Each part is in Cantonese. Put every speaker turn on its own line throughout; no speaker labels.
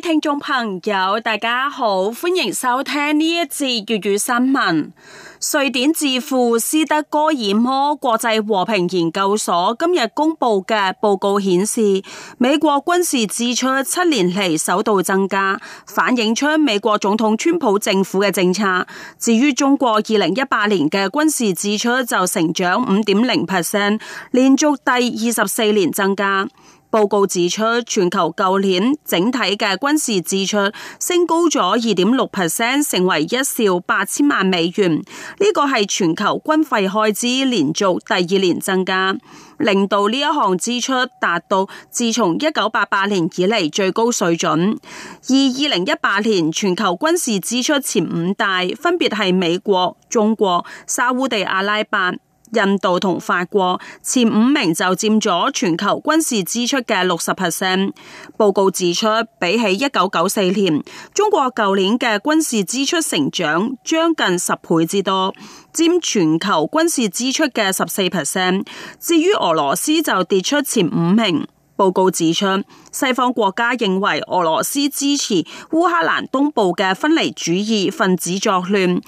聽眾朋友，大家好，歡迎收聽呢一節粵語新聞。瑞典智庫斯德哥爾摩國際和平研究所今日公布嘅報告顯示，美國軍事支出七年嚟首度增加，反映出美國總統川普政府嘅政策。至於中國，二零一八年嘅軍事支出就成長五點零 percent，連續第二十四年增加。報告指出，全球舊年整體嘅軍事支出升高咗二點六 percent，成為一兆八千萬美元。呢個係全球軍費開支連續第二年增加，令到呢一項支出達到自從一九八八年以嚟最高水準。而二零一八年全球軍事支出前五大分別係美國、中國、沙烏地阿拉伯、印度同法國，前五名就佔咗全球軍事支出嘅六十 percent。報告指出，比起一九九四年，中國舊年嘅軍事支出成長將近十倍之多，佔全球軍事支出嘅十四 percent。至於俄羅斯就跌出前五名。報告指出，西方國家認為俄羅斯支持烏克蘭東部嘅分離主義分子作亂。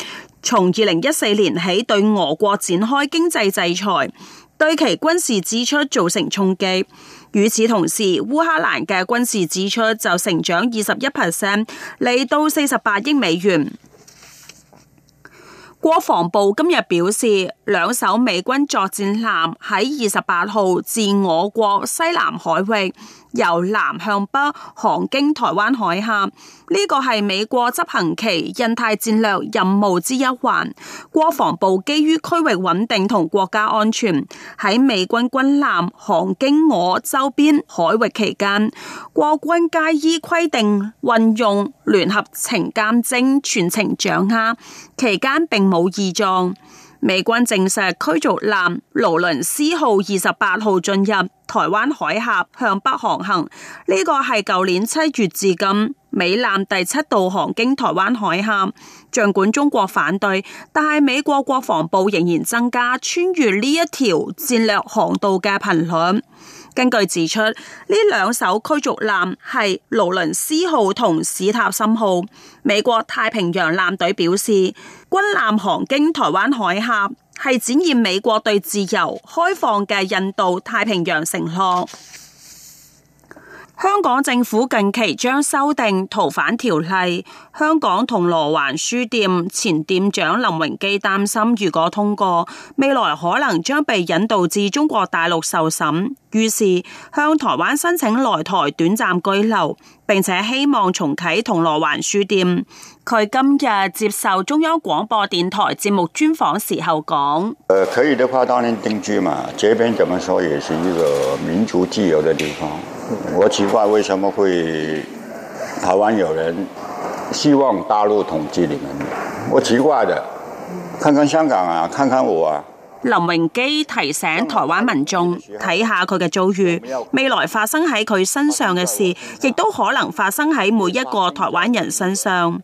從二零一四年起對俄國展開經濟制裁，對其軍事支出造成衝擊。與此同時，烏克蘭嘅軍事支出就成長二十一 percent，嚟到四十八億美元。國防部今日表示，兩艘美軍作戰艦喺二十八號至我國西南海域由南向北航經台灣海峽，呢個係美國執行其印太戰略任務之一環。國防部基於區域穩定同國家安全，喺美軍軍艦航經我周邊海域期間，國軍皆依規定運用聯合情監偵全程掌握，期間並冇。冇異狀。美軍證實，驅逐艦勞倫斯號二十八號進入台灣海峽，向北航行。呢個係舊年七月至今，美艦第七度航經台灣海峽，儘管中國反對，但係美國國防部仍然增加穿越呢一條戰略航道嘅頻率。根據指出，呢兩艘驅逐艦係勞倫斯號同史塔森號。美國太平洋艦隊表示，軍艦航經台灣海峽係展現美國對自由開放嘅印度太平洋承諾。香港政府近期將修訂逃犯條例，香港銅鑼灣書店前店長林榮基擔心，如果通過，未來可能將被引渡至中國大陸受審，於是向台灣申請來台短暫居留，並且希望重啟銅鑼灣書店。佢今日接受中央廣播電台節目專訪時候講：誒、呃，可以的話，當然定居嘛。這邊怎麼說，也是一個民主自由的地方。我奇怪為什麼會台灣有人希望大陸統治你們？我奇怪的，看看香港啊，看看我啊。林榮基提醒台灣民眾，睇下佢嘅遭遇。未來發生喺佢身上嘅事，亦都可能發生喺每一個台灣人身上。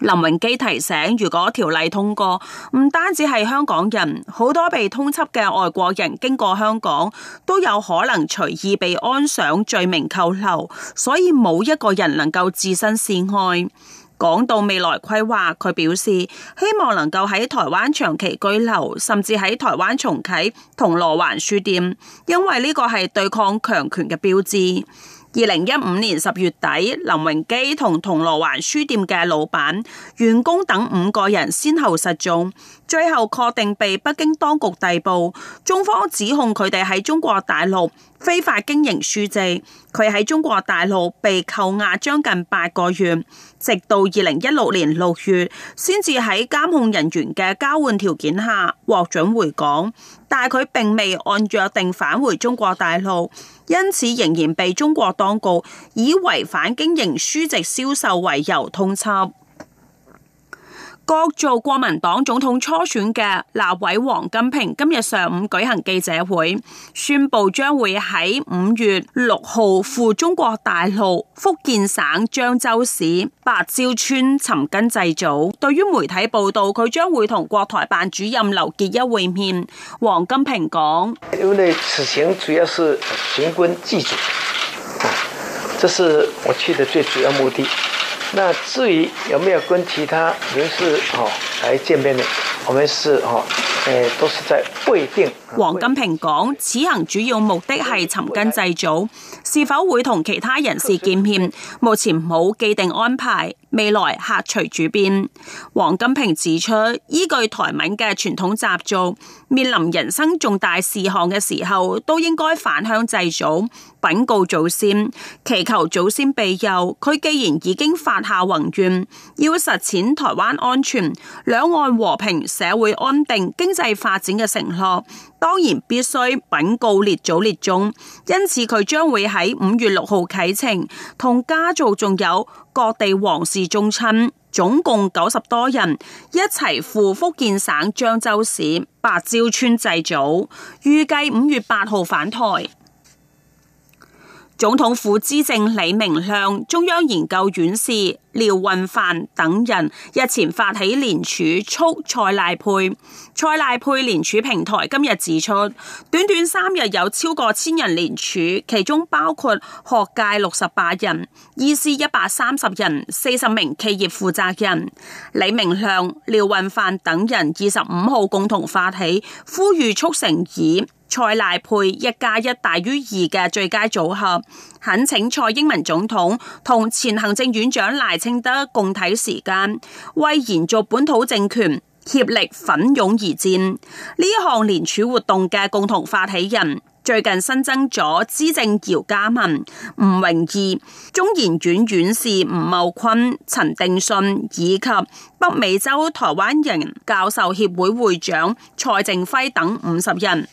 林榮基提醒：如果條例通過，唔單止係香港人，好多被通緝嘅外國人經過香港都有可能隨意被安上罪名扣留，所以冇一個人能夠置身事外。講到未來規劃，佢表示希望能夠喺台灣長期居留，甚至喺台灣重啟銅鑼灣書店，因為呢個係對抗強權嘅標誌。二零一五年十月底，林榮基同銅鑼灣書店嘅老闆、員工等五個人先後失蹤。最後確定被北京當局逮捕，中方指控佢哋喺中國大陸非法經營書籍，佢喺中國大陸被扣押將近八個月，直到二零一六年六月，先至喺監控人員嘅交換條件下獲准回港，但佢並未按約定返回中國大陸，因此仍然被中國當局以違反經營書籍銷售為由通緝。角逐國民黨總統初選嘅立委王金平今日上午舉行記者會，宣布將會喺五月六號赴中國大陸福建省漳州市白礁村尋根祭祖。對於媒體報道佢將會同國台辦主任劉結一會面，王金平講：因為呢此行主要是尋根祭祖，啊，這是我去的最主要目的。那至於有沒有跟其他人士哈來見面呢？我們是哈誒、呃，都是在未定。王金平講，此行主要目的係尋根祭祖，是否會同其他人士見面，目前冇既定安排。未來客隨主便，王金平指出，依據台閩嘅傳統習俗，面臨人生重大事項嘅時候，都應該返鄉祭祖，稟告祖先，祈求祖先庇佑。佢既然已經發下宏願，要實踐台灣安全、兩岸和平、社會安定、經濟發展嘅承諾。當然必須稟告列祖列宗，因此佢將會喺五月六號啟程，同家族仲有各地皇室宗親，總共九十多人一齊赴福建省漳州市白礁村祭祖，預計五月八號返台。總統府資政李明亮、中央研究院院士，廖雲範等人日前發起連署促蔡賴配。蔡賴配連署平台今日指出，短短三日有超過千人連署，其中包括學界六十八人、醫師一百三十人、四十名企業負責人。李明亮、廖運範等人二十五號共同發起，呼籲促成以蔡賴配一加一大於二嘅最佳組合。懇請蔡英文總統同前行政院長賴清德共體時艱，為延續本土政權協力奮勇而戰。呢一項聯署活動嘅共同發起人最近新增咗資政姚嘉文、吳榮義、中研院院士吳茂昆、陳定信以及北美洲台灣人教授協會會長蔡正輝等五十人。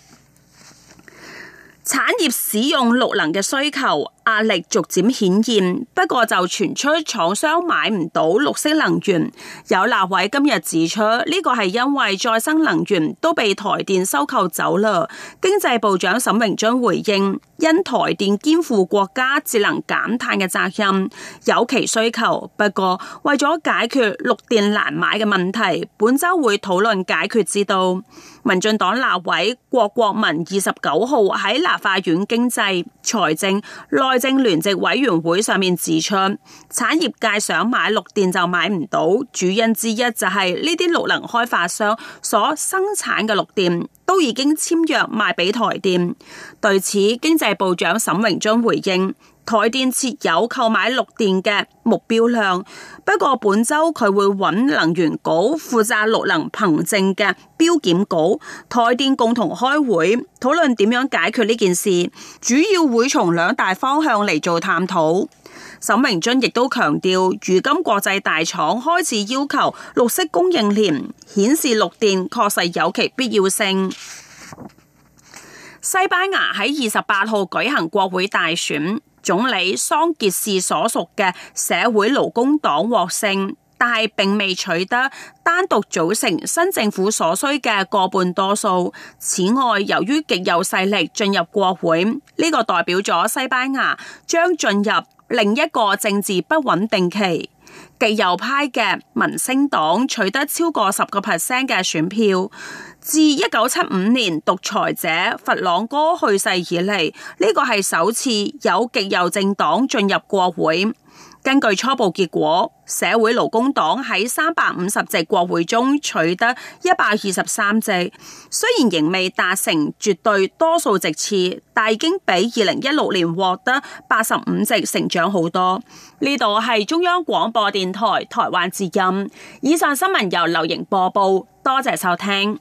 產業使用綠能嘅需求壓力逐漸顯現，不過就傳出廠商買唔到綠色能源。有立委今日指出，呢個係因為再生能源都被台電收購走啦。經濟部長沈榮津回應。因台電肩負國家節能減碳嘅責任，有其需求。不過為咗解決綠電難買嘅問題，本週會討論解決之道。民進黨立委郭國文二十九號喺立法院經濟、財政、內政聯席委員會上面指出，產業界想買綠電就買唔到，主因之一就係呢啲綠能開發商所生產嘅綠電。都已經簽約賣俾台電。對此，經濟部長沈榮津回應：台電設有購買綠電嘅目標量，不過本周佢會揾能源局負責綠能憑證嘅標檢局、台電共同開會討論點樣解決呢件事，主要會從兩大方向嚟做探討。沈明津亦都強調，如今國際大廠開始要求綠色供應鏈，顯示綠電確實有其必要性。西班牙喺二十八號舉行國會大選，總理桑傑士所屬嘅社會勞工黨獲勝，但係並未取得單獨組成新政府所需嘅過半多數。此外，由於極右勢力進入國會，呢、這個代表咗西班牙將進入。另一個政治不穩定期，極右派嘅民聲黨取得超過十個 percent 嘅選票。自一九七五年獨裁者弗朗哥去世以嚟，呢、這個係首次有極右政黨進入國會。根據初步結果，社會勞工黨喺三百五十席國會中取得一百二十三席，雖然仍未達成絕對多數席次，但已經比二零一六年獲得八十五席成長好多。呢度係中央廣播電台台灣之音。以上新聞由劉瑩播報，多謝收聽。